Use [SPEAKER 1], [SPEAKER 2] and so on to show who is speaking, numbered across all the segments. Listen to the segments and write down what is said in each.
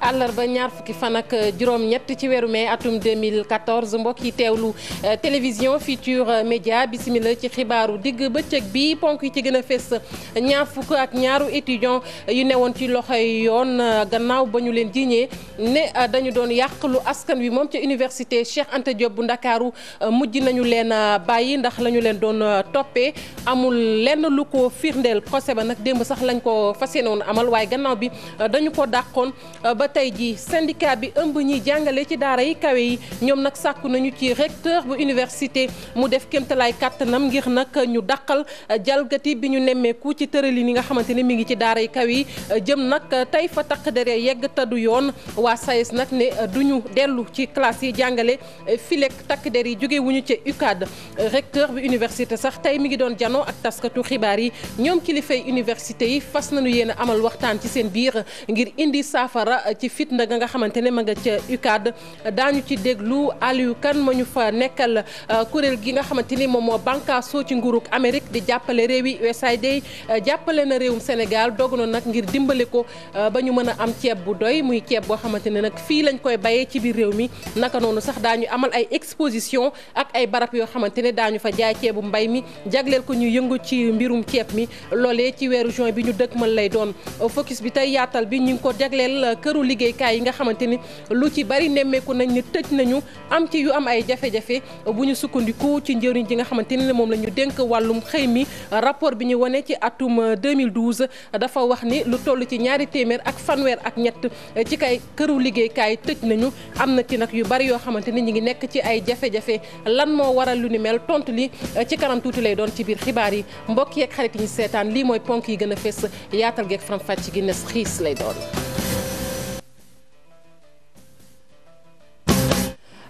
[SPEAKER 1] àllarba ñaar fukki fan ak juróom-ñett ci weeru mai atum 2014 mbokk yi teewlu euh, télévision Futurs média bisimila ci xibaaru digg bëccëg bi ponk yi ci gën a fés ñaar fukk ak ñaaru étudiant yu newoon ci loxoy yoon euh, gannaaw ba ñu leen jiiñee ne euh, dañu doon yàq lu askan wi moom ci université Cheikh Anta Diop bu Ndakaaru mujj nañu leen bàyyi ndax lañu leen doon toppee amul lenn lu ko firndeel procès ba nag démb sax lañ ko fas yéene woon amal waaye gannaaw bi dañu tey jii syndicat bi ëmb ñiy jàngale ci daara yi kawe yi ñoom nag sàkku nañu ci recteur bu université mu def kéemtalaay kàttanam ngir nag ñu dàqal euh, jalgati bi ñu nemmeeku ci tëralin yi nga xamante ne mi ngi ci daara yi kawe yi euh, jëm nag euh, tey fa takk dere yegg taddu yoon waa SAES nag ne duñu dellu ci classe yi jàngale filek takk der yi jóge ci ca recteur bu université sax tey mi ngi doon janoo ak taskatu xibaar yi ñoom kilifay université yi fas nañu yéen amal waxtaan ci seen biir ngir indi ci fitna ga nga xamante ne ma nga ca UCAD daañu ci déglu Aliou kan ma ñu fa nekkal euh, kuréel gi nga xamante ni moom moo bànkaasoo ci nguurug Amérique di jàppale réew yi USAID euh, jàppale na réewum Sénégal dogu na nag ngir dimbale ko euh, ba ñu mën a am ceeb bu doy muy ceeb boo xamante ne nag fii lañ koy bayee ci biir réew mi naka noonu sax daañu amal ay exposition ak ay barab yoo xamante ne daañu fa jaay ceebu mbay mi jagleel ko ñu yëngu ci mbirum ceeb mi loolee ci weeru juin bi ñu dëkkmal lay doon liggéeykaay yi nga xamante ni lu ci bari nemmeeku nañ ni tëj nañu am ci yu am ay jafe-jafe bu ñu sukkandiku ci njëriñ ji nga xamante ni moom la ñu dénk wàllum xëy mi rapport bi ñu wane ci atum 2012 dafa wax ni lu toll ci ñaari téeméer ak fanweer ak ñett ci kay këru liggéeykaay tëj nañu am na ci nag yu bari yoo xamante ni ñu ngi nekk ci ay jafe-jafe lan moo waral lu ni mel tontu li ci kanam tuuti lay doon ci biir xibaar yi mbokk yeeg xarit yi seetaan lii mooy ponk yi gën a fës yaatal geeg faram fàcc gi nes xiis lay doon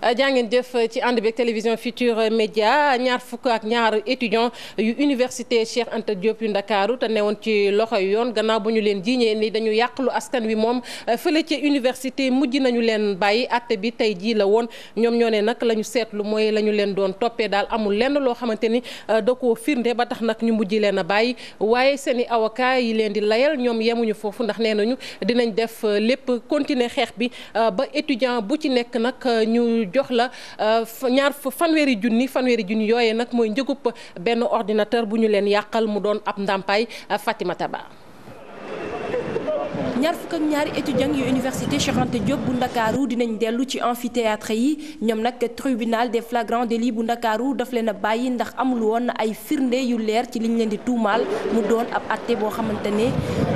[SPEAKER 1] Euh, jaa ngeen jëf ci ànd beeg télévision Futurs Médias ñaar fukk ak ñaar étudiants yu université Cheikh Anta Diop yu Ndakaaru te newoon ci loxo yoon gannaaw bu ñu leen jiiñee ni dañu yàqlu askan wi moom euh, fële ci université mujj nañu leen bàyyi atte bi tey jii la woon ñoom ñoo ne nag lañu ñu seetlu mooy lañu leen doon toppee daal amul lenn loo xamante ni euh, da koo firnde ba tax nag ñu mujj leen a bàyyi waaye seen i avocat yi leen di layal ñoom yemuñu foofu ndax nee nañu dinañ def lépp continuer xeex bi jox la euh, ñaar fanweeri junni fanweeri junni yooyee nag mooy njëgub benn ordinateur bu ñu leen yàqal mu doon ab ndàmpaay
[SPEAKER 2] euh, Fatimata Ba ñaar fukk ak ñaari étudiants yu université Cheikh Anta bu ndakaaru dinañ dellu ci amphithéâtre yi ñoom nag tribunal des flagrants délits bu ndakaaru daf leen a bàyyi ndax amul woon na ay firnde yu leer ci liñ leen di tuumaal mu doon ab àtte boo xamante ne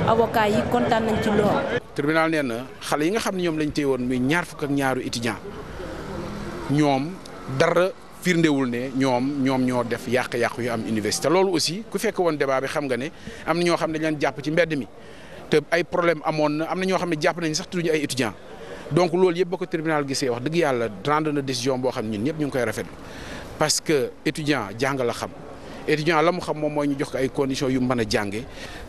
[SPEAKER 2] avocat yi kontaan nañ ci lool.
[SPEAKER 3] tribunal nee xale yi nga xam ne ñoom lañ téye woon muy ñaar ak ñaaru ñoom dara firndewul ne ñoom ñoom ñoo def yàq-yàq yu am université loolu aussi ku fekk woon débat bi xam nga ne am na ñoo xam ne jàpp ci mbedd mi te ay problème amoon na am na ñoo xam ne jàpp nañ saxtu sax ñu ay étudiants donc loolu yëpp ba ko tribunal gisee wax dëgg yàlla rendre na décision boo xam ne ñun ñëpp ñu koy rafetlu parce que étudiant jàng la xam étudiant la mu xam moom mooy ñu jox ko ay conditions yu mën a jànge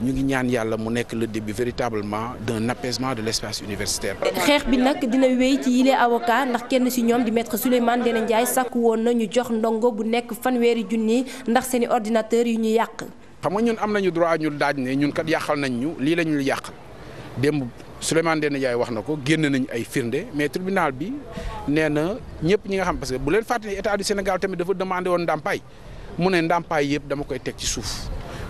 [SPEAKER 3] ñu ngi ñaan yàlla mu nekk le début véritablement d'un apaisement de l'espace universitaire.
[SPEAKER 2] xeex bi nag dina wéy ci yile avocat ndax kenn si ñoom di maître Souleymane Ndéné Ndiaye sàkku woon na ñu jox ndongo bu nekk fanweeri junni ndax seeni ordinateur yu ñu yàq.
[SPEAKER 3] xam nga ñun am nañu droit ñu daaj ne ñun kat yàqal nañ ñu lii la yàq yàqal démb Souleymane na Ndiaye wax na ko génn nañu ay firnde mais tribunal bi nee na ñëpp ñi nga xam parce que bu leen fàttali état du Sénégal tamit dafa demandé woon ndàmpaay mu ne ndàmpaay yëpp dama koy teg ci suuf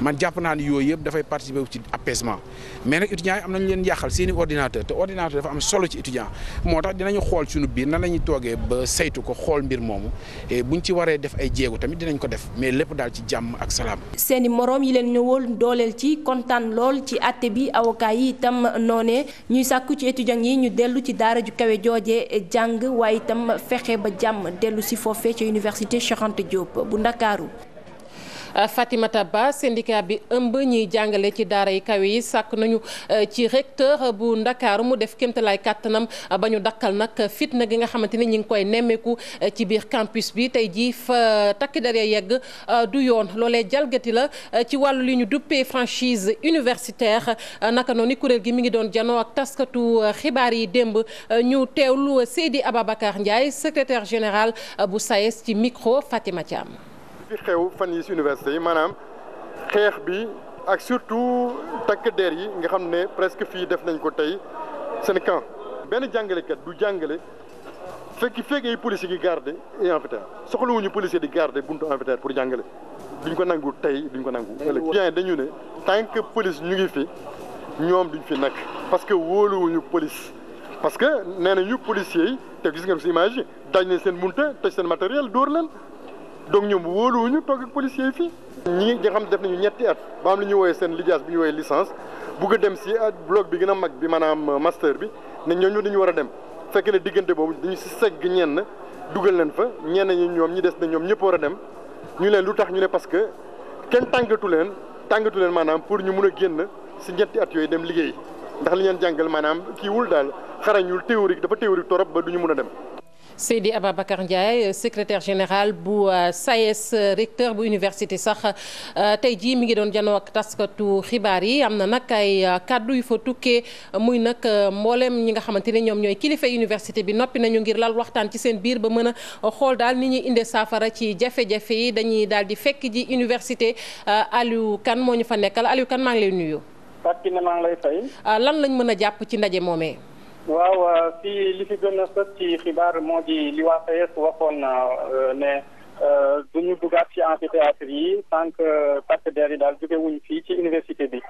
[SPEAKER 3] man jàpp naa ne yooyu yëpp dafay participer ci apaisement mais nag étudiants yi am nañu leen yàqal seeni i ordinateur te ordinateur dafa am solo ci étudiant moo tax dinañu xool suñu biir nan lañuy toogee ba saytu ko xool mbir moomu bu ñu ci waree def ay jéego tamit dinañ ko def mais lépp daal ci jàmm ak salaam.
[SPEAKER 2] seeni moroom yi leen ñëwoon dooleel ci kontaan lool ci àtte bi avocat yi itam noonee ñuy sàkku ci étudiants yi ñu dellu ci daara ju kawe jooje jàng waaye itam fexe ba jàmm dellu si foofee ca université Cheikh Anta Diop bu Ndakaaru Euh, Fatimata Ba syndicat bi ëmb ñiy
[SPEAKER 1] jàngale ci daara yi kaw yi sàkk nañu euh, ci recteur bu Ndakaaru mu def kéemtalaay kàttanam euh, ba ñu dakkal nag fitna gi nga xamante ni ñi ngi koy nemmeeku ci biir campus bi tey jii fa takk der ya yegg du yoon loolee jalgati la ci wàllu li ñu duppee franchise universitaire naka noonu kuréel gi mi ngi doon janoo ak taskatu xibaar yi démb ñu teewlu Seydi Ababacar Ndiaye secretaire général bu SAES e ci micro Fatima am
[SPEAKER 4] fi xew fan yi si université yi maanaam xeex bi ak surtout takk der yi nga xam ne presque fii def nañ ko tey seen camp benn jàngalekat du jàngale fekk fekk ay policiers yi garde et amphithéâtre soxlawuñu policier di garde ko amphithéâtre pour jàngale duñ ko nangu tey duñ ko nangu ëllëg bien dañu ne tant que police ñu ngi fi ñoom duñ fi nag parce que wóoluwuñu police parce que nee nañu policiers yi te gis ngeen si image dañ nañ seen bunte tëj seen matériel door leen donc ñoom wóoluwuñu toog ak policiers yi fii. ñi nga xam def nañu ñetti at ba am lu ñuy wooyee seen lijaas bi ñu wooyee licence bugg a dem si at ah, bloc bi gën a mag bi maanaam euh, master bi ne ñooñu dañu war a dem fekk ne diggante boobu dañu si segg na dugal leen fa ñenn ñi ñoom ñi des na ñoom ñëpp war a dem ñu leen lu tax ñu ne parce que kenn tàngatu leen tàngatu leen maanaam pour ñu mun a génn si ñetti at yooyu dem liggéey ndax li ñeen jàngal maanaam kiiwul daal xarañul théorique dafa théorique torop ba du ñu mun dem.
[SPEAKER 1] Seydi Ababacar Ndiaye secretaire général bu SAES euh, e recteur bu université sax euh, tey jii mu ngi doon janoo ak taskatu xibaar yi am na nag ay euh, kàddu yu fa tukkee muy nag mboolem ñi nga xamante ne ñoom ñooy kilifa université bi noppi nañu ngir lal waxtaan ci seen biir ba mën xool daal ni ñuy indee saafara ci jafe-jafe yi dañuy daal di fekk ji université Aliou Kane moo ñu fa nekkal Aliou Kane maa ngi lay nuyu. lan lañ mën a jàpp ci ndaje moomee.
[SPEAKER 5] waaw euh, fii li fi gën a sët ci xibaar moo di li waa SAES waxoon euh, ne euh, du ñu dugaat ci amphithéâtre yi tant que partenaires yi daal jóge wuñ fii ci université bi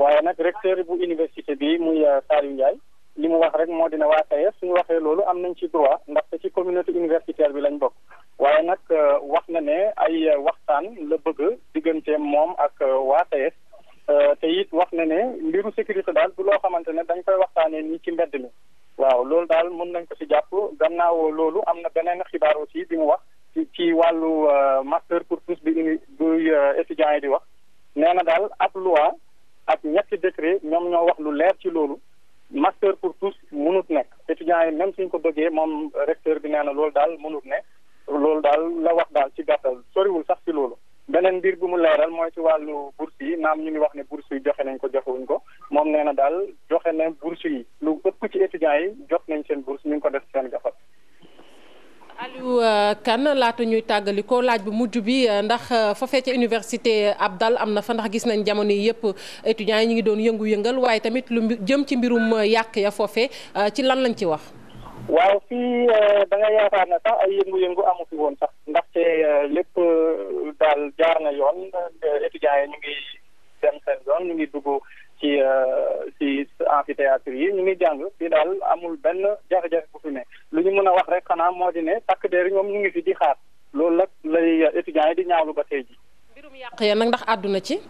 [SPEAKER 5] waaye nag recteur bu université bi muy Saliou Ndiaye li mu wax rek moo dina waa SAES suñu waxee loolu am nañ ci droit ndaxte ci communauté universitaire bi lañ bokk waaye nag wax na ne ay waxtaan la bëgg digganteem moom ak waa SAES te it wax na ne mbiru sécurité daal du loo xamante ne dañ koy waxtaanee nii ci mbedd mi daal mën nañ ko ci jàpp gannaaw loolu am na beneen xibaar aussi bi mu wax ci ci wàllu euh, master pour tous bi uni buy euh, étudiants yi di wax nee na daal ab loi ak ñetti décret ñoom ñoo wax lu leer ci loolu master pour tous mënut nekk étudiants yi même suñ ko bëggee moom recteur bi nee na loolu daal mënut ne loolu daal la wax daal ci gàttal soriwul sax ci loolu beneen mbir bu mu leeral mooy ci wàllu bourse yi naam ñu ngi wax ne bourse yi joxe nañ ko joxewuñ ko moom nee na daal joxe na bourse yi lu ëpp ci étudiants yi jox nañ seen bourse ñu ngi ko def seen gafal.
[SPEAKER 1] Aliou euh, Kane laata ñuy ko laaj bu mujj bi euh, ndax euh, foofee ca université Abdal am na fa ndax gis nañ jamono yi yëpp étudiants yi ñu ngi doon yëngu-yëngal waaye tamit lu jëm ci mbirum yàq ya foofee ci lan lañ ci wax.
[SPEAKER 5] waaw fii da nga sax ay yëngu-yëngu amu woon sax ndaxte lépp daal jaar na yoon étudiants yi ñu ngi dem seen yoon ñu ngi dugg. ci euh, ci amphithéâtre yi ñu ngi jàng fi daal amul benn jafe-jafe bu ne lu ñu mën a wax rek xanaa moo di ne takk der ñoom ñu ngi fi di xaar loolu nag lay étudiants yi di ñaawlu ba tey ji
[SPEAKER 1] mbirum yàq ya ndax àdduna ci.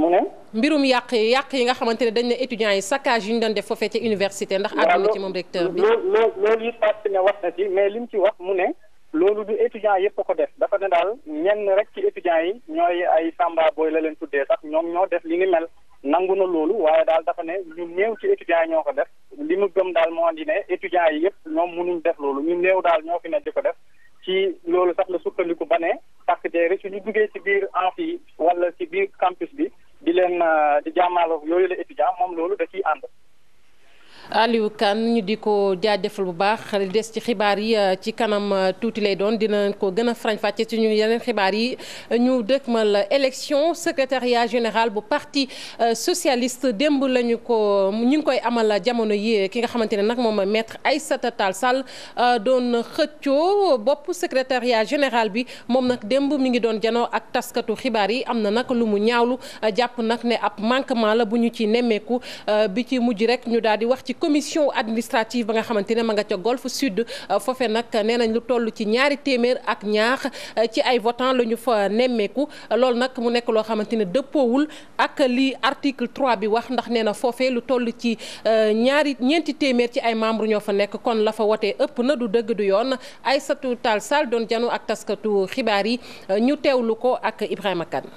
[SPEAKER 1] mu ne. mbirum yàq yi yàq yi nga xamante ne dañ ne étudiants yi saccage yu ñu doon def foofee ci université ndax. àdduna ci moom recteur bi waaw loo
[SPEAKER 5] loolu it ne wax na ci mais lim ci wax mu ne. loolu du étudiants yëpp ko def dafa ne daal ñenn rek ci étudiants yi ñooy ay samba booy la leen tuddee sax ñoom li ni mel. nangu na loolu waaye daal dafa ne ñu néew ci étudiants yi ñoo ko def li mu gëm daal moo di ne étudiants yi yëpp ñoom mënuñ def loolu ñu néew daal ñoo fi ne di ko def ci loolu sax la sukkandiku ba ne takk der su ñu duggee ci biir amphi yi wala ci biir campus bi di leen euh, di jàmmaalo yooyu la étudiant moom loolu da ciy ànd
[SPEAKER 1] Aliou Kane ñu di ko jaajëfal bu baax li des ci xibaar yi euh, ci kanam euh, tuuti lay doon dina ko gën a farañ-fàcce ci ñu yeneen xibaar yi euh, ñu la élection secrétariat général bu parti socialiste démb lañu ko ñu ngi koy amal a jamono yi ki nga xamante ne nag moom mettre ay Tall Sall doon xëccoo bopp secrétariat général bi moom nag démb mi ngi doon janoo ak taskatu xibaar yi am na nag lu mu ñaawlu jàpp nag ne ab manquement la bu ñu ci nemmeeku bi ci mujj rek ci ci commission administrative ba nga xamante ne ma nga ca Golf Sud euh, foofe nag nee nañ lu toll ci ñaari téeméer ak ñaar euh, ci ay votants la ñu fa nemmeeku loolu nag mu nekk loo xamante ne dëppoowul ak li article 3 bi wax ndax nee na foofee lu toll ci euh, ñaari ñeenti téeméer ci ay membres ñoo fa nekk kon la fa wotee ëpp na du dëgg du yoon Aïssatou Tall Sall doon janu ak taskatu xibaar yi ñu teewlu ko ak Ibrahima Kane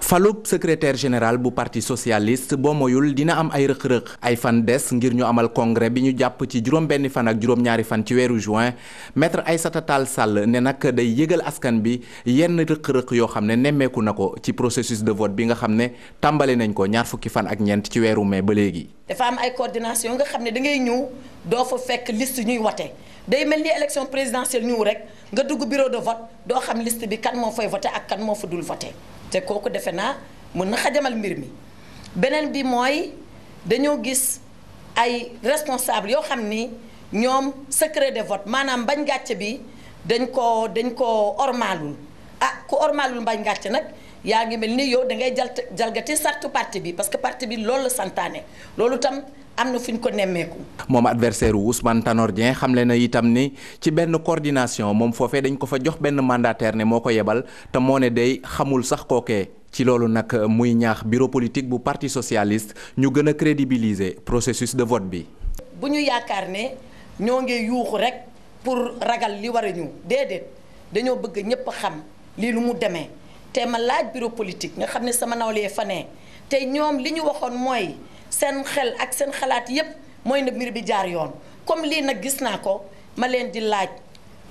[SPEAKER 6] falub secrétaire général bu parti socialiste boo moyul dina am ay rëq-rëq ay fan des ngir ñu amal congrès bi ñu jàpp ci juróom benni fan ak juróom ñaari fan ci weeru juin maître ay Tall Sall ne nag day yëgal askan bi yenn rëq-rëq yoo xam ne nemmeeku na ko ci processus de vote bi nga xam ne tàmbali nañ ko ñaar fukki fan ak ñeent ci weeru mais ba léegi.
[SPEAKER 7] dafa am ay coordination nga xam ne da ngay ñëw doo fa fekk liste ñuy wate day mel ni élection présidentielle ñëw rek nga dugg bureau de vote doo xam liste bi kan moo fay voté ak kan moo fa dul voté. te kooku defe naa mën na xajamal mbir mi beneen bi mooy dañoo gis ay responsable yoo xam ni ñoom secret de vote maanaam bañ gàcce bi dañ ko dañ ko ormaalul ah ku ormaalul bañ gàcce nag yaa ngi mel ni yow da ngay jal jalgati sartu parti bi parce que parti bi loolu la santaane loolu tam am na fu ñu ko nemmeeku.
[SPEAKER 6] moom adversaire wu Ousmane Tanor Dieng xamle na itam ni ci benn coordination moom foofee dañ ko fa jox benn mandataire ne moo ko yebal te moo ne day xamul sax kookee ci loolu nag muy ñaax bureau politique bu parti socialiste ñu gën a crédibiliser processus de vote bi.
[SPEAKER 7] bu ñu yaakaar ne ñoo ngi yuuxu rek pour ragal li war a ñu déedéet dañoo bëgg ñëpp xam lii lu mu demee te ma laaj bureau politique nga xam ne sama nawlee fa ne te ñoom li ñu waxoon mooy. seen xel ak seen xalaat yépp mooy na mbir bi jaar yoon comme lii nag gis naa ko ma leen di laaj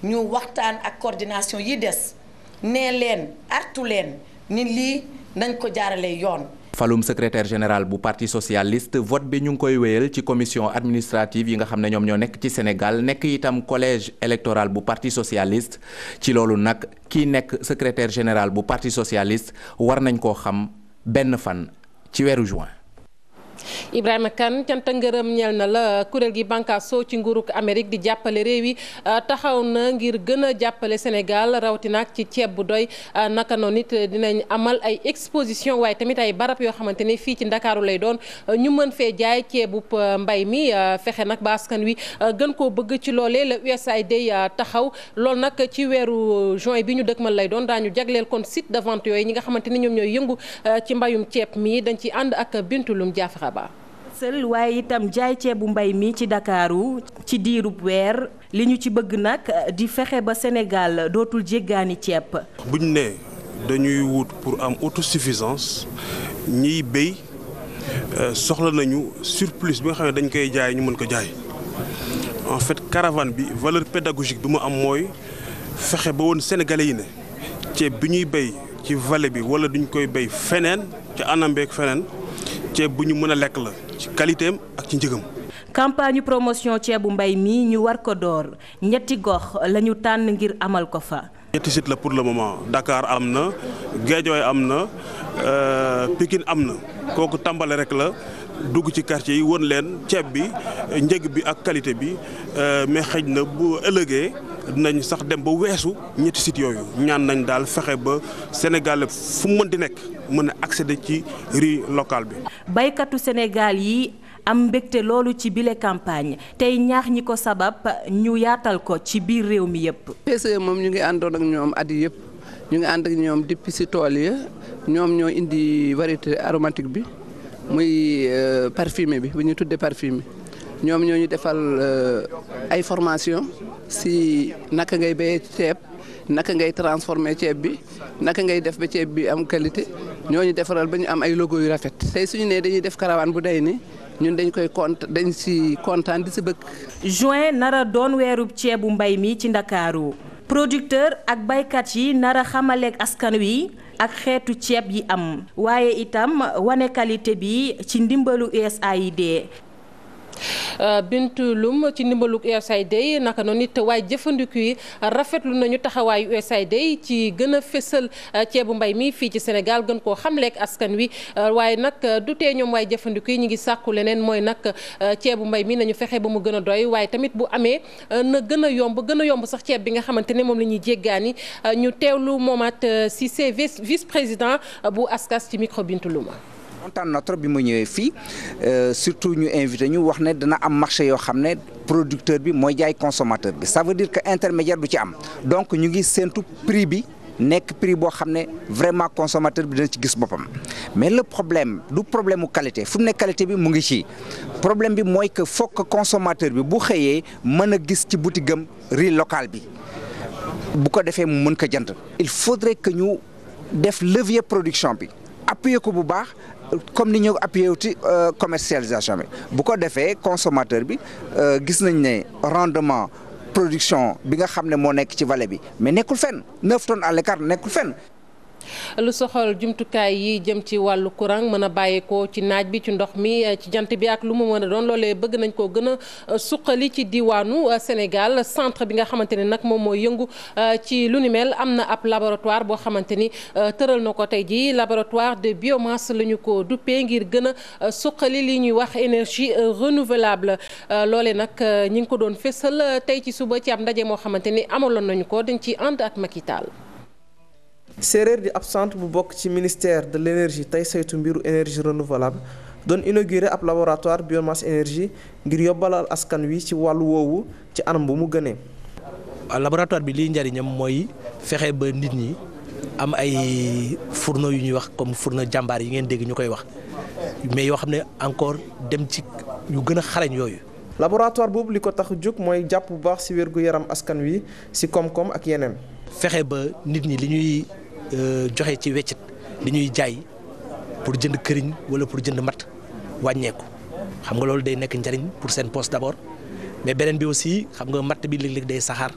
[SPEAKER 7] ñu waxtaan ak coordination yi des nee leen artu leen ni lii nañ ko jaarale yoon
[SPEAKER 6] falum secretaire général bu parti socialiste vote bi ñu ngi koy wéyal ci commission administrative yi nga xam ne ñoom ñoo nekk ci Sénégal nekk itam collège électoral bu parti socialiste ci loolu nag kii nekk secretaire général bu parti socialiste war nañ koo xam benn fan ci weeru juin
[SPEAKER 1] Ibrahima kan canta ngërëm ñeel na la kuréel gi bànkaasoo ci nguuruk Amérique di jàppale réew yi euh, taxaw na ngir gën a jàppale Sénégal rawatina ci ceeb bu doy euh, naka noon it dinañ amal ay exposition waaye tamit ay barab yoo xamante ne fii ci Ndakaaru lay doon euh, ñu mën fee jaay ceebub mbay mi fexe nag ba askan wi gën koo bëgg ci loolee la USAID taxaw loolu nag ci weeru juin bi ñu dëkkmal lay doon ñu jagleel kon site de vente yooyu ñi nga xamante ni ñoom ñooy yëngu ci mbayum ceeb mi dañ ci ànd ak Bintu Lum a
[SPEAKER 2] baax. waaye itam jaay ceebu mbay mi ci Ndakaaru ci diirub weer li ñu ci bëgg nag di fexe ba senegal dootul jéggaani ceeb.
[SPEAKER 8] bu ñu nee dañuy wut pour am autosuffisance ñiy béy euh, soxla nañu surplus bi nga xam ne dañ koy jaay ñu mën ko jaay en fait caravane bi valeur pédagogique bi mu am mooy fexe ba woon senegale yi ne ceeb bi ñuy béy ci vallée bi wala duñ koy béy feneen ca anam beeg feneen. ceeb bu ñu mën a lekk la ci qualité am ak ci njëgam.
[SPEAKER 2] campagne promotion ceebu mbay mi ñu war ko door ñetti gox lañu tànn ngir amal ko fa.
[SPEAKER 8] ñetti site la pour le moment dakaar am na Guédiawaye am na euh, Pikine am na kooku tàmbali rek la dugg ci quartier yi won leen ceeb bi njëg bi ak qualité bi euh, mais xëj na bu ëllëgee. dinañ sax dem ba weesu ñetti sites yooyu ñaan nañ daal fexe ba Sénégal fu mën di nekk mën a accéder ci riz local bi.
[SPEAKER 2] baykatu Sénégal yi am mbégte loolu ci bile campagne tey ñaax ñi ko sabab ñu yaatal ko ci biir réew mi yëpp. PCE moom ñu ngi àndoon ak ñoom
[SPEAKER 6] at yii yëpp ñu ngi ànd ak ñoom depuis si tool yi ñoom ñoo indi variété aromatique bi muy euh, parfumé bi bu ñu tuddee parfumé. ñoom ñoo ñu defal euh, ay formation si naka ngay béyee ceeb naka ngay transformer ceeb bi naka ngay def ba ceeb bi am qualité ñoo ñu defaral ba ñu am ay logo yu
[SPEAKER 2] rafet tey suñu nee dañuy def karawaan bu day ni ñun dañ koy kont dañ si kontaan di si bëgg. juin nara doon weeru ceebu mbay mi ci ndakaaru producteur ak baykat yi nara xamaleek askan wi ak xeetu ceeb yi am waaye itam wane qualité bi ci ndimbalu USAID. Euh, Bintu Loum
[SPEAKER 1] ci ndimbalug USAID naka noonu it waaye jëfandiku yi rafetlu nañu taxawaayu USAID ci gën a fésal euh, ceebu mbay mii fii ci Sénégal gën koo xam xamleek askan wi euh, waaye nag du tee ñoom waaye jëfandiku yi ñu ngi sàkku leneen mooy nag ceebu mbay mi nañu fexe ba mu gën a doy waaye tamit bu amee na gën a yomb gën a yomb sax ceeb bi nga xamante ne moom la ñuy jéggaani ñu teewlu moomaat Cissé vice président bu askas ci micro Bintu Loum
[SPEAKER 6] kontaan na trop bi ma ñëwee fii euh, surtout ñu invité ñu wax ne dana am marché yoo xam ne producteur bi mooy jaay consommateur bi ça veut dire que intermédiaire du ci am donc ñu ngi séntu prix bi nekk prix boo xam ne vraiment consomateur bi dina ci gis boppam mais le problème du problème mu qualité fu mu ne qualité bi mu ngi ci problème bi mooy que fokk consommateur bi bu xëyee mën a gis ci boutique am riz local bi bu ko defee mu mën ko jënd il faudrait que ñu def levier production bi comme ni ñëw ko appuyé wuti euh, commercialisation bi bu ko defee consomateur bi euh, gis nañ ne rendement production bi nga xam ne moo nekk ci vallée bi mais nekkul fenn neuf tonnes à l'écart nekkul fenn
[SPEAKER 1] lu soxal jumtukaay yi jëm ci wàllu courant mën a bàyyeekoo ci naaj bi ci ndox mi eh, ci jant bi ak lu mu mën a doon loolee bëgg nañ koo gën a eh, suqali ci diwaanu eh, Sénégal centre bi nga xamante ne nag moom mooy yëngu ci lu ni mel am na ab laboratoire boo xamante ni tëral na ko tey jii laboratoire de biomasse la ñu ko duppee ngir gën a suqali li ñuy wax énergie renouvelable loole nag ñi ngi ko doon fésal tey ci suba ci ab ndaje moo xamante ni amaloon nañu ko dañ ci ànd ak Macky
[SPEAKER 9] séeréer di ab centre bu bokk ci ministère de l' tey saytu mbiru énergie renouvelable doon inauguré ab laboratoire biomasse énergie ngir yobbalal askan wi ci wàllu woowu ci anam bu mu gënee. laboratoire bi liy njëriñam mooy fexe ba nit ñi am ay fourneau yu ñuy wax comme fourneau jàmbaar yi ngeen dégg ñu koy wax mais yoo xam ne encore dem ci yu gën a xarañ yooyu. laboratoire boobu li ko tax jóg mooy jàpp bu baax ci wér gu yaram askan wi ci koom ak yeneen. fexe ba nit ñi li Euh, joxe ci weccit li ñuy jaay pour jënd këriñ wala pour jënd matt wàññeeku xam nga loolu day nekk njariñ pour seen poste d'abord mais beneen bi aussi xam nga matt bi léeg day saxaar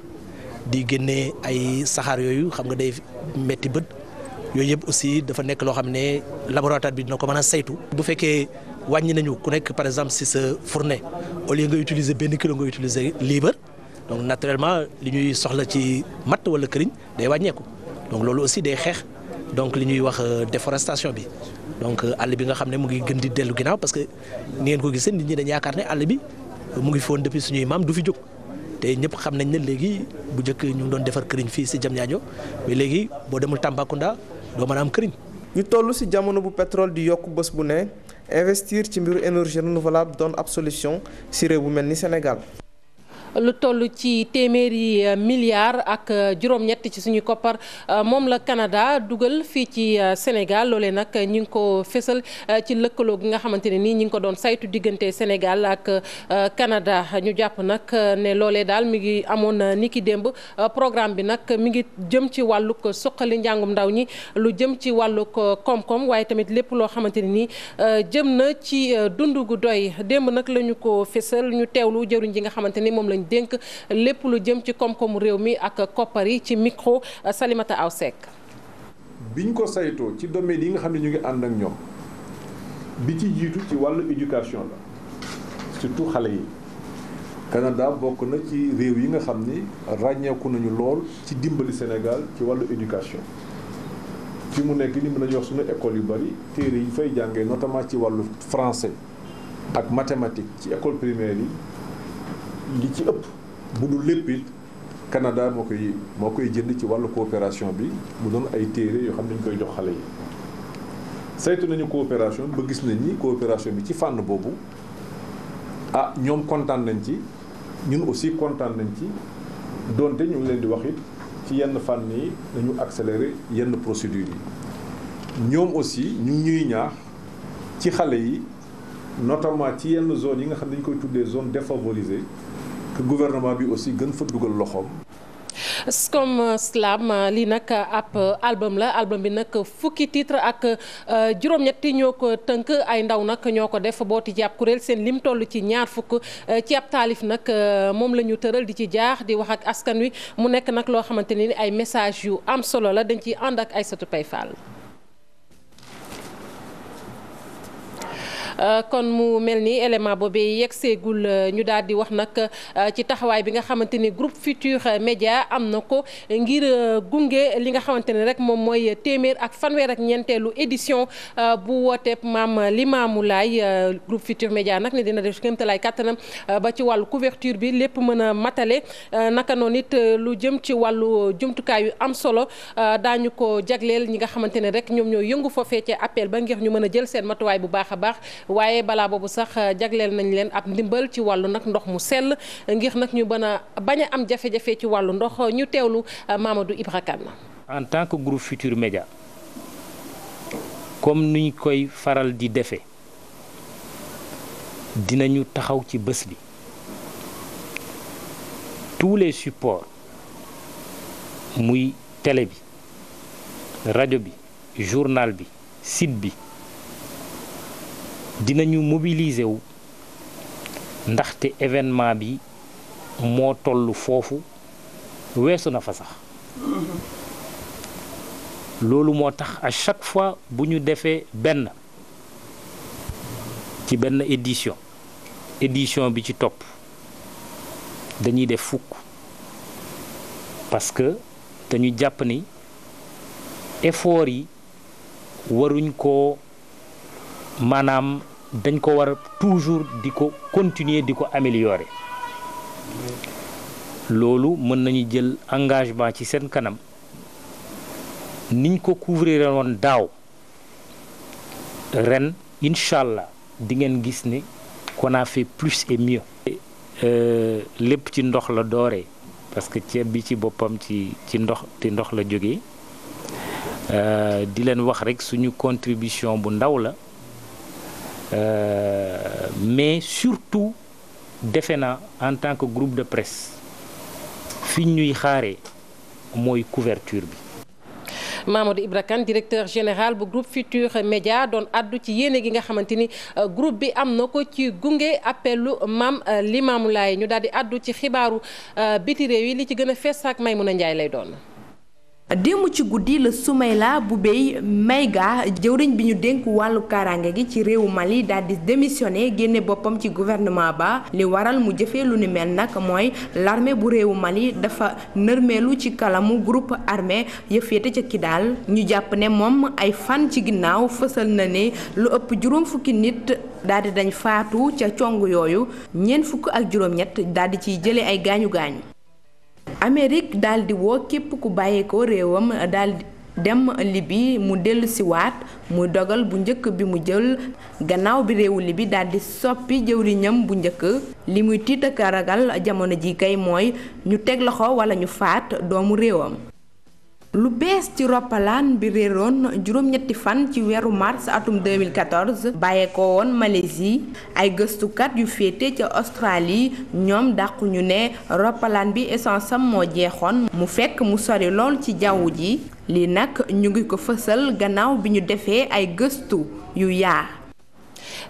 [SPEAKER 9] di génne ay saxaar yooyu xam nga day metti bët yooyu yëpp aussi dafa nekk loo xam ne laboratoire bi dina ko mën a saytu. bu fekkee wàññi nañu ku nekk par exemple si sa fournée au lieu nga utiliser benn kilo nga utiliser liibar donc naturellement li ñuy soxla ci matt wala këriñ day wàññeeku. donc loolu aussi day xeex donc li ñuy wax euh, déforestation bi donc euh, àll bi nga xam ne mu ngi gën di dellu ginnaaw parce que ni ngeen ko gisee nit ñi dañ yaakaar ne àll bi mu ngi foon su ñuy maam du fi jóg te ñëpp xam nañ ne léegi bu njëkk ñu ngi doon defar këriñ fii si Diamniadio mais léegi boo demul Tambacounda doo mën am këriñ. ñu toll si jamono bu petrole di yokk bës bu ne investir ci mbiru énergie renouvelable doon ab solution si réew bu mel ni Sénégal.
[SPEAKER 1] lu toll ci téeméeri euh, milliards ak euh, juróom-ñett ci suñu koppar euh, moom la kanada dugal fii ci Sénégal loole nag ñi ngi ko fésal ci lëkkaloo gi nga xamante ne nii ñi ngi ko doon saytu diggante Sénégal ak kanada ñu jàpp nag ne loole daal mi ngi amoon ni ki démb programme bi nag mi ngi jëm ci wàllug suqali njàngum ndaw ñi lu jëm ci wàllug koom-koom waaye tamit lépp loo xamante ne nii jëm na ci dund gu doy démb nag la ko fésal ñu teewlu jëruñ ji nga dénk lépp lu jëm ci koom-koomu réew mi ak koppar yi ci micro Salimata Aw Seck
[SPEAKER 10] biñ ko saytoo ci domaine yi nga xam ne ñu ngi ànd ak ñoom bi ci jiitu ci wàllu éducation la surtout xale yi Canada bokk na ci réew yi nga xam ni ràññeeku nañu lool ci dimbali Sénégal ci wàllu éducation fi mu nekk ni mën nañu wax suñu école yu bari téere yi fay jàngee notamment ci wàllu français ak mathématique ci école primaire yi li ci ëpp bu dul lépp it Canada moo koy moo koy jënd ci wàllu coopération bi mu doon ay téere yoo xam ne ñu koy jox xale yi saytu nañu coopération ba gis nañ ni coopération bi ci fànn boobu ah ñoom kontaan nañ ci ñun aussi kontaan nañ ci donte ñu ngi leen di wax it ci yenn fànn yi nañu accélérer yenn procédures yi ñoom aussi ñu ñuy ñaax ci xale yi notamment ci yenn zone yi nga xam ne dañu koy tuddee zone défavorisée que gouvernement bi aussi gën fa dugal loxoom.
[SPEAKER 1] comme slam lii nag ab album la album bi nag fukki titre ak euh, juróom-ñetti ñoo ko tënk ay ndaw nag ñoo ko def boo ti jàpp kuréel seen lim toll ci ñaar fukk euh, ci ab taalif nag euh, moom la ñu tëral di ci jaax di wax ak askan wi mu nekk nag loo xamante ni ay message yu am solo la dañ ci ànd ak ay Pay Fall Euh, kon mu mel ni élément boobee yegg seegul euh, ñu daal di wax nag euh, ci taxawaay bi nga xamante ni groupe Futurs Médias am na ko ngir gunge li nga xamante ni rek moom mooy téeméer ak fanweer ak ñeenteelu édition bu wooteeb maam li maamulaay groupe Futurs Médias nag ne dina def kéemtalaay kàttanam ba ci wàllu couverture bi lépp mën a matale naka noon it lu jëm ci wàllu jumtukaay yu am solo daañu ko jagleel ñi nga xamante ne rek ñoom ñoo yëngu foofee ci appel ba ngir ñu mën a jël seen matuwaay bu baax a baax waaye balaa boobu sax euh, jagleel nañ leen ab ndimbal ci wàllu nag ndox mu sell ngir nag ñu mën a bañ a am jafe-jafe ci wàllu ndox ñu teewlu euh, Mamadou Ibra Kane
[SPEAKER 11] en tant que groupe Futur Média comme niñ koy faral di defe dinañu taxaw ci bés bi tous les supports muy tele bi rajo bi journal bi site bi dinañu mobiliser wu ndaxte événement bi moo tollu foofu weesu na fa sax loolu moo tax à chaque fois bu ñu defee benn ci benn édition édition bi ci topp dañuy def fukk parce que dañu jàpp ni effort yi waruñ ko maanaam dañ ko war a toujours di ko continuer di ko améliorer loolu mën nañu jël engagement ci seen kanam niñ ko couvrir woon daaw ren incha allah di gis ne qu'on a fait plus et mieux. Euh, lépp ci ndox la dooree parce que ceeb bi ci boppam ci ci ndox ci ndox la jógee euh, di leen wax rekk suñu contribution bu ndaw la. Euh, mais surtout defe na en tant que groupe de presse fi ñuy xaaree mooy couverture bi.
[SPEAKER 1] Mamadou Ibra Kane directeur général bu groupe Futur Média doon àddu ci yéene gi nga xamante ni euh, groupe bi am na ko ci gunge appelu maam euh, Limaamu Laay ñu daal di addu ci xibaaru biti réew yi li ci gën a fees ak a Njaay lay doon.
[SPEAKER 12] démb ci guddi la bu Boubèye mayga jëwriñ bi ñu dénk wàllu kaaraange gi ci réewu Mali daal di démissionné génne boppam ci gouvernement ba li waral mu jëfee lu ni mel nag mooy larme bu réewu Mali dafa nërmeelu ci kalamu groupe arme ya féete ca Kidal ñu jàpp ne moom ay fan ci ginnaaw fësal na ne lu ëpp juróom fukki nit daal di dañ faatu ca cong yooyu ñeent fukk ak juróom-ñett daal di ciy jëlee ay gaañu gaañu. Amérique daldi woo képp ku bàyyeekoo réewam daal di dem Libi mu dellu si waat muy dogal bu njëkk bi mu jël gannaaw bi réewu Libi daldi soppi jëw jëwriñam bu njëkk li muy tiit ak ragal jamono ji kay mooy ñu teg loxo wala ñu faat doomu réewam. lu bees ci roppalaan bi réeroon juróom-ñetti fan ci weeru mars atum 2014 bàyyeekoo woon Malaisie ay gëstukat yu féete ca Australie ñoom dàqu ne roppalaan bi essence am moo jeexoon mu fekk mu sori lool ci jaww ji li nag ñu ngi ko fësal gannaaw bi ñu defee ay gëstu yu yaa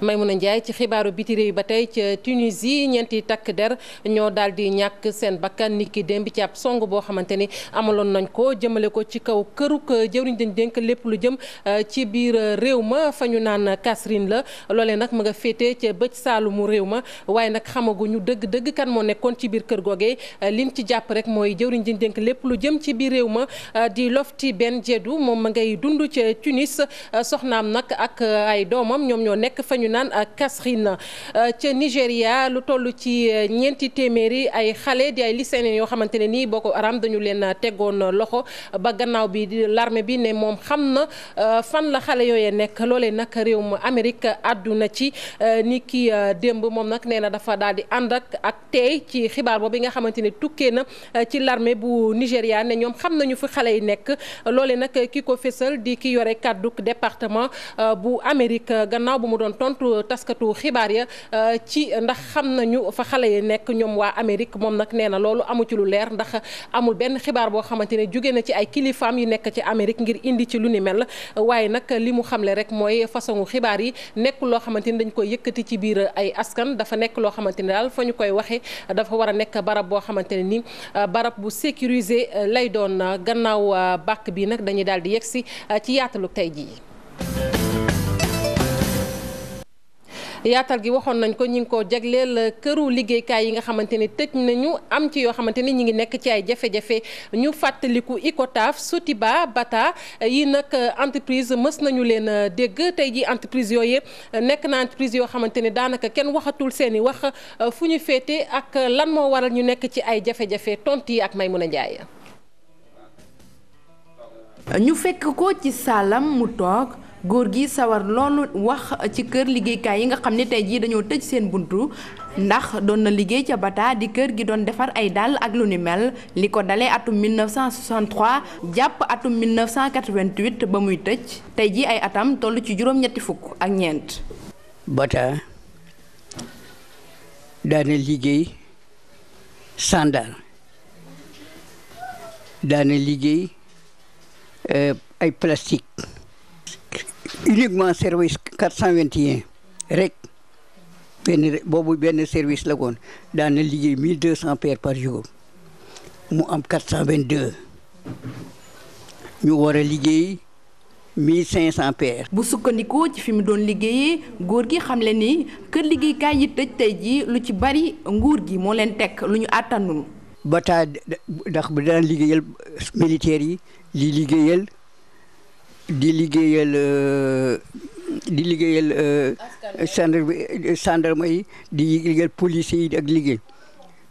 [SPEAKER 1] Maimouna Ndiaye ci xibaaru biti réew ba tey ca Tunisie ñeenti takk der ñoo daal di ñàkk seen bakkan niki démb ci ab song boo xamante ni amaloon nañ ko jëmale ko ci kaw këruk euh, jëwriñ dañ dénk lépp lu jëm euh, ci biir euh, réew ma fa naan Kasserine la loolee nag ma nga féete ca bëj saalumu réew ma waaye nag xamaguñu dëgg-dëgg kan moo nekkoon ci biir kër googee liñ ci jàpp rek mooy jëwriñ dañ dénk lépp lu jëm ci biir réew ma di Lofty benn Diedou moom ma ngay dund ca Tunis soxnaam nag ak ay doomam ñoom ñoo nekk fa ñu naan euh, Kaffrine euh, ca Nigéria lu toll ci euh, ñeenti téeméeri ay xale di ay lycéens yoo xamante ne nii Boko Haram dañu leen tegoon loxo ba gannaaw bi l'armée bi ne moom xam na fan la xale yooyee nekk loolee nag réewum Amérique àdduna ci ni ki démb moom nag nee na dafa daal di ànd ak ak tey ci xibaar boobu nga xamante ne tukkee na ci l'armée bu Nigéria ne ñoom xam nañu fi xale yi nekk loole nag ki ko fésal di ki yore kàddu département bu Amérique gannaaw bu mu doon tontu taskatu xibaar ya euh, ci ndax xam nañu fa xale yi nekk ñoom waa Amérique moom nag nee na loolu amu ci lu leer ndax amul benn xibaar boo xamante ne jóge na ci ay kilifaam yu nekk ci Amérique ngir indi ci lu ni mel waaye nag li mu xamle rek mooy façon xibaar yi nekk loo xamante ni dañ koy yëkkati ci biir euh, ay askan dafa nekk loo xamante ni daal foo ñu koy waxee dafa war a nekk barab boo xamante ne ni euh, barab bu sécurisé lay doon gannaaw bàkk bi nag dañuy daal di yegsi ci yaatalu tey jii. yaatal gi waxoon nañ ko ñi ngi ko jagleel këru liggéeykaay yi nga xamante ni tëj nañu am ci yoo xamante ni ñi ngi nekk ci ay jafe-jafe ñu fàttaliku Icotaf Sotiba Bata yi nag euh, entreprise mës nañu leen euh, dégg tey ji entreprise yooyu euh, nekk na entreprise yoo xamante ni daanaka kenn waxatul seen i wax fu ñu féete ak lan moo waral ñu nekk ci ay jafe-jafe tontu yi ak may Maymuna Njaay
[SPEAKER 12] ñu fekk ko ci saalam mu toog góor gi sawar loolu wax ci kër liggéeykaay yi nga xam ni tey jii dañoo tëj seen buntu ndax doon na liggéey ca bataa di kër gi doon defar ay dàll ak lu ni mel li ko dalee atum 1963 jàpp atum 1988 ba muy tëj tey jii ay atam toll ci juróom-ñetti fukk ak ñeent. bata daana liggéey sandal daana liggéey euh, ay plastique. uniquement service 421 rek benn boobu benn service la woon daan na liggéey 1200 paires par jour mu am 422 ñu war a liggéey 1500 paires. bu sukkandikoo ci fi mu doon liggéeyee góor gi xamle ni kër liggéeykaay yi tëj tey jii lu ci bari nguur gi moo leen tek lu ñu àttanul. bataa ndax bu daan liggéeyal militaires yi di liggéeyal. di liggéeyal euh, di liggéeyal gendarme euh, yi di liggéeyal police yi ak liggéey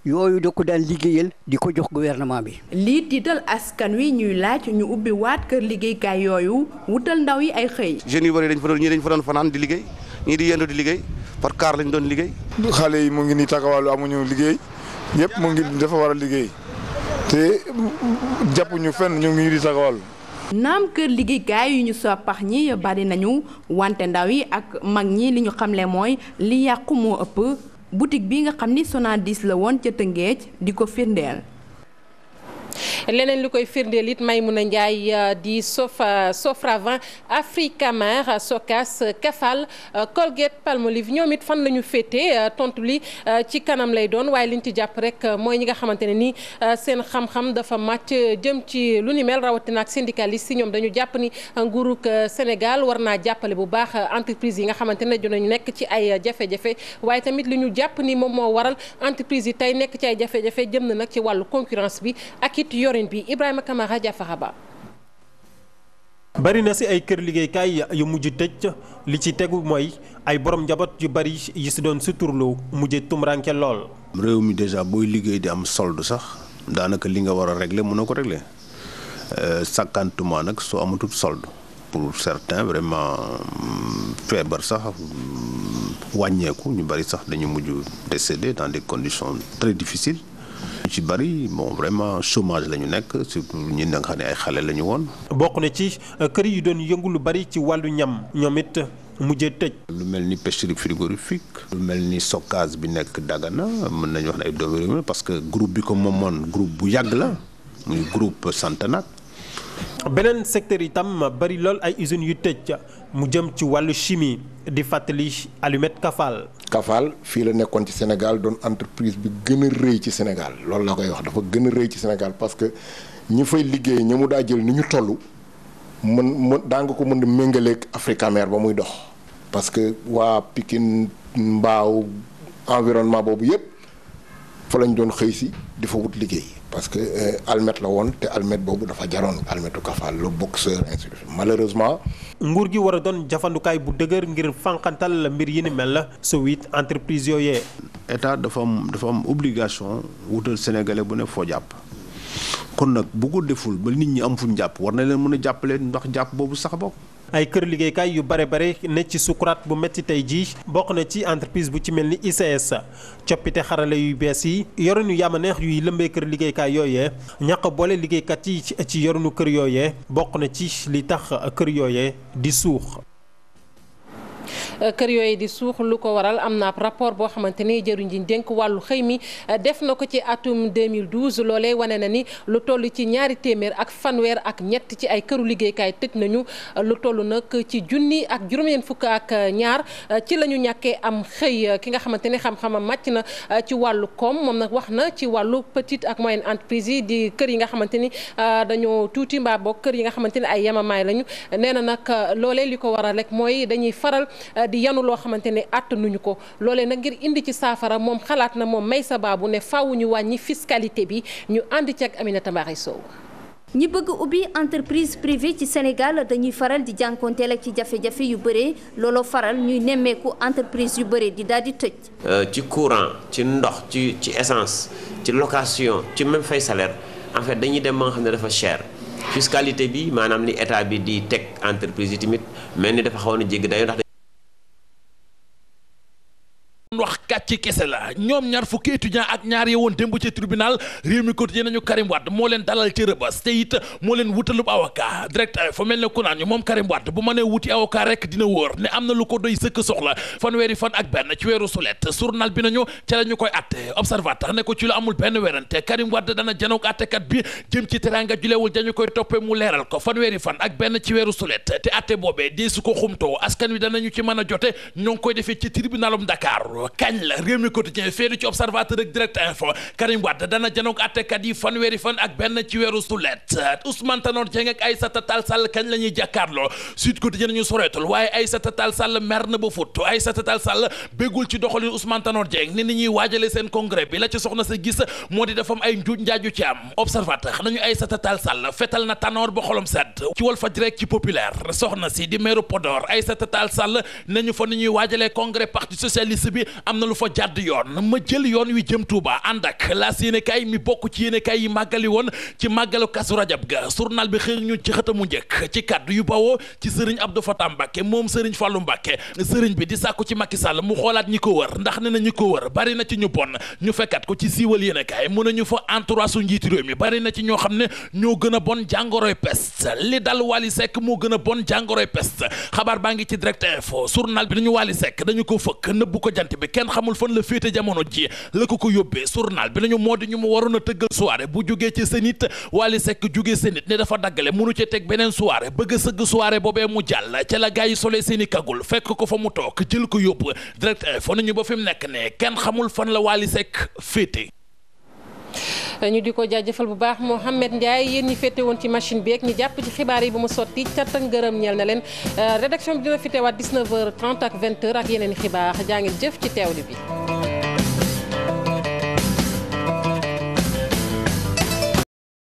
[SPEAKER 12] yooyu da ko daan liggéeyal di ko jox gouvernement bi. lii di dal askan wi ñuy laaj ñu ubbi waat kër liggéeykaay yooyu wutal ndaw yi ay xëy.
[SPEAKER 5] jeunes yu bëri dañ fa doon ñii dañ fa doon fanaan di liggéey ñii di yendu di liggéey
[SPEAKER 4] par kaar lañ doon liggéey. xale yi mu ngi nii taxawaalu amuñu liggéey yëpp mu ngi dafa war a liggéey te jàppuñu fenn ñu ngi di taxawaalu.
[SPEAKER 12] naam kër liggéeykaay yu ñu soppax ñi bari nañu wante ndaw yi ak mag ñi li ñu xamle mooy li yàqu moo ëpp boutique bi nga xam ni Sonadis la woon ca Tëngéej di ko firndeel
[SPEAKER 1] leneen li koy firndeel mun a Ndiaye euh, di Sofa Sofravin Africamer Socas Kafal euh, Colgate Palmolive ñoom it fan la ñu féete euh, tontu li ci kanam lay doon waaye liñ ci jàpp rek mooy ñi nga xamante ne ni seen xam-xam dafa màcc jëm ci lu ni mel rawatina ak syndicaliste yi ñoom dañu jàpp ni nguurug Sénégal war naa jàppale bu baax entreprise yi nga xamante ne dinañu nekk ci ay jafe waaye tamit li ñu jàpp ni moom moo waral entreprise yi tey nekk ci ay jafe-jafe jëm na nag ci wàllu concurrence bi ak it yorin bi Ibrahima Kamara Jaafara Ba
[SPEAKER 8] bari na si ay kër liggéeykaay yu mujj tëj li ci tegu mooy ay borom njaboot yu bari yi si doon suturloo mujj tumranke lool. réew mi déjà booy liggéey di am solde sax daanaka li nga war a régler mënoo ko régler euh, sàkkantuma nag soo amatul solde pour certains vraiment mm, feebar sax mm, wàññeeku ñu bari sax dañu mujj décédé dans de conditions très difficiles. ñu ci bari bon vraiment chômage la ñu nekk surtout ñi nga xam ne ay xale lañu woon. bokk na ci euh, kër yi doon yëngu lu bari ci wàllu ñam ñoom it mujjee tëj. lu mel ni pêcherie frigorifique. lu mel ni stockage bi nekk Dagana mën nañu wax ne ay doomu réew parce que groupe bi ko moomoon groupe bu yàgg la muy groupe Santanac. beneen secteur itam bari lool ay usines yu tëj. mu jëm ci wàllu chimie di fàttali allumette Kafal. Kafal fii la nekkoon ci Sénégal doon entreprise bi gën a rëy ci Sénégal loolu la koy wax dafa gën a rëy ci Sénégal parce que ñi fay liggéey ña mu daa jël ni ñu toll mën mën daa nga ko mën a méngaleeg Africamer ba muy dox. parce que waa pikin Mbaaw environnement boobu yépp fa lañ doon xëy si di fa wut liggéey parce que euh, almet la woon te almet boobu dafa jaroon almetu kafaal le boxeur ainsi de suite malheureusement. nguur gi war a doon jafandukaay bu dëgër ngir fànqantal la mbir yi ni mel la sa wit entreprise yooyee. état dafa am dafa am obligation wutal sénégalais bu ne foo jàpp kon nag bu ko deful ba nit ñi am fuñ jàpp war na leen mën a jàppale ndax jàpp boobu sax bokk. ay kër liggéeykaay yu bare bare ne ci sukuraat bu métti tey jii bokk na ci entreprise bu ci mel ni ICS coppite xarale yu bees yi yorinu yamaneex yuy lëmbee kër liggéeykaay yooyee ñàkk boole liggéeykat yi ci yorinu kër yooyee bokk na ci li tax kër yooyee di suux
[SPEAKER 1] Euh, kër yooyu di suux lu ko waral am na rapport boo xamante ni jëriñ ji dénk wàllu xëy mi euh, def na ko ci atum 2012 loolee wane na ni lu toll ci ñaari téeméer ak fanweer ak ñett ci ay këru liggéeykaay tëj nañu euh, lu toll nag ci junni ak juróom-ñeent ak ñaar ci la ñu ñàkkee am xëy ki nga xamante ni xam-xamam màcc na ci wàllu koom moom nag wax na ci wàllu petite ak moyenne entreprise yi di kër yi nga xamante ni dañoo tuuti mbaa boog kër yi nga xamante ni ay yamamaay lañu nee na nag loolee li ko waral rek mooy dañuy faral Euh, di yanu loo xamante ne attanuñu ko loolee nag ngir indi ci saafara moom xalaat na moom may Maysa Babou ne faaw ñu
[SPEAKER 2] wàññi fiscalité bi ñu ànd ci ak Aminata Mbaye soow ñi bëgg ubbi entreprise privée ci Sénégal dañuy faral di jànkonteel ak ci jafe-jafe yu bëree looloo faral ñuy nemmeeku entreprise yu bëree di daal di tëj.
[SPEAKER 8] Euh, ci courant ci ndox ci ci essence ci location ci même fay salaire en fait dañuy dem ba xam ne dafa cher fiscalité bi maanaam li état bi di teg entreprise yi tamit ni dafa xawoon a jéggi dayoo ndax.
[SPEAKER 13] doon wax kàcci kese la ñoom ñaar fukki étudiant ak ñaar ye woon démb ci tribunal réew mi ko quotidien nañu Karim Wade moo leen dalal ci rëbas te moo leen wutalub avocat direct fa mel ne ku naan ñu moom Karim Wade bu mënee wuti avocat rek dina wóor ne am na lu ko doy sëkk soxla fanweeri fan ak benn ci weeru sulet journal bi nañu ca la ñu koy atte observateur ne ko ci lu amul benn werante Karim Wade dana janook attekat bi jëm ci teranga julewul dañu koy toppee mu leeral ko fanweeri fan ak benn ci weeru sulet te atte boobee dee su ko xumtoo askan wi dana ñu ci mën a jote ñoo ngi koy defee ci tribunalum ndakaar kañ la réew mi quotidien ci observateur ak direct info Karim Wade dana janook attekat yi fanweeri fan ak benn ci weeru sulet Ousmane Tanor Dieng ak Aïssata Tall Sall kañ la ñuy jàkkaarloo Sud Quotidien ñu soreetul waaye Aïssata Tall Sall mer na ba fut Aïssata Tall Sall béggul ci doxalin Ousmane Tanor Dieng ni ñuy waajale seen congrès bi la ci soxna sa gis moo di dafa ay njaaju ci am observateur nañu Aïssata Tall Sall fetal na Tanor ba xolom sedd ci Walf Fadjri rek ci populaire soxna si di meeru Podor am na lu fa jàdd yoon ma jël yoon wi jëm Touba ànd ak laas yéenekaay mi bokk ci yéenekaay yi màggali woon ci màggalu Kazu Rajab ga journal bi xëy ñu ci xëtamu njëkk ci kàddu yu bawoo ci sëriñ Abdou Fatah Mbacke moom sëriñ Fallou Mbacke sëriñ bi di sàkku ci Macky Sall mu xoolaat ñi ko wër ndax ne na ñi ko wër bari na ci ñu bon ñu fekkat ko ci siiwal yéenekaay mu ne ñu fa entourage su njiitu mi bari na ci ñoo xam ne ñoo gën a bon jàngoroy peste li dal Wally Seck moo gën a bon jàngoroy peste xabaar baa ngi ci direct info journal bi dañu Wally Seck dañu ko fëkk bi kenn xamul fan la féete jamono ji la ko ko yóbbee journal bi nañu moo di ñu mu waroon a tëggal soirée bu jógee ci Zénith Wally Seck jógee Zénith ne dafa daggale munu ci teg beneen soirée bëgg sëgg soirée boobee mu jàll ca la gars yi solee seeni kagul fekk ko fa mu toog jël ko yóbbu direct info nañu ba fi mu nekk nee kenn xamul fan la Wally Seck féete
[SPEAKER 1] ñu di ko jaajëfal bu baax Mouhamed Ndiaye yéen ñi fete woon ci machine bi ak ñi jàpp ci xibaar yi ba mu sotti cant ak gërëm ñeel na leen euh, rédaction bi dina fi teewaat 19h30 ak 20h ak yeneen i xibaar jaa ngi jëf ci teewlu bi.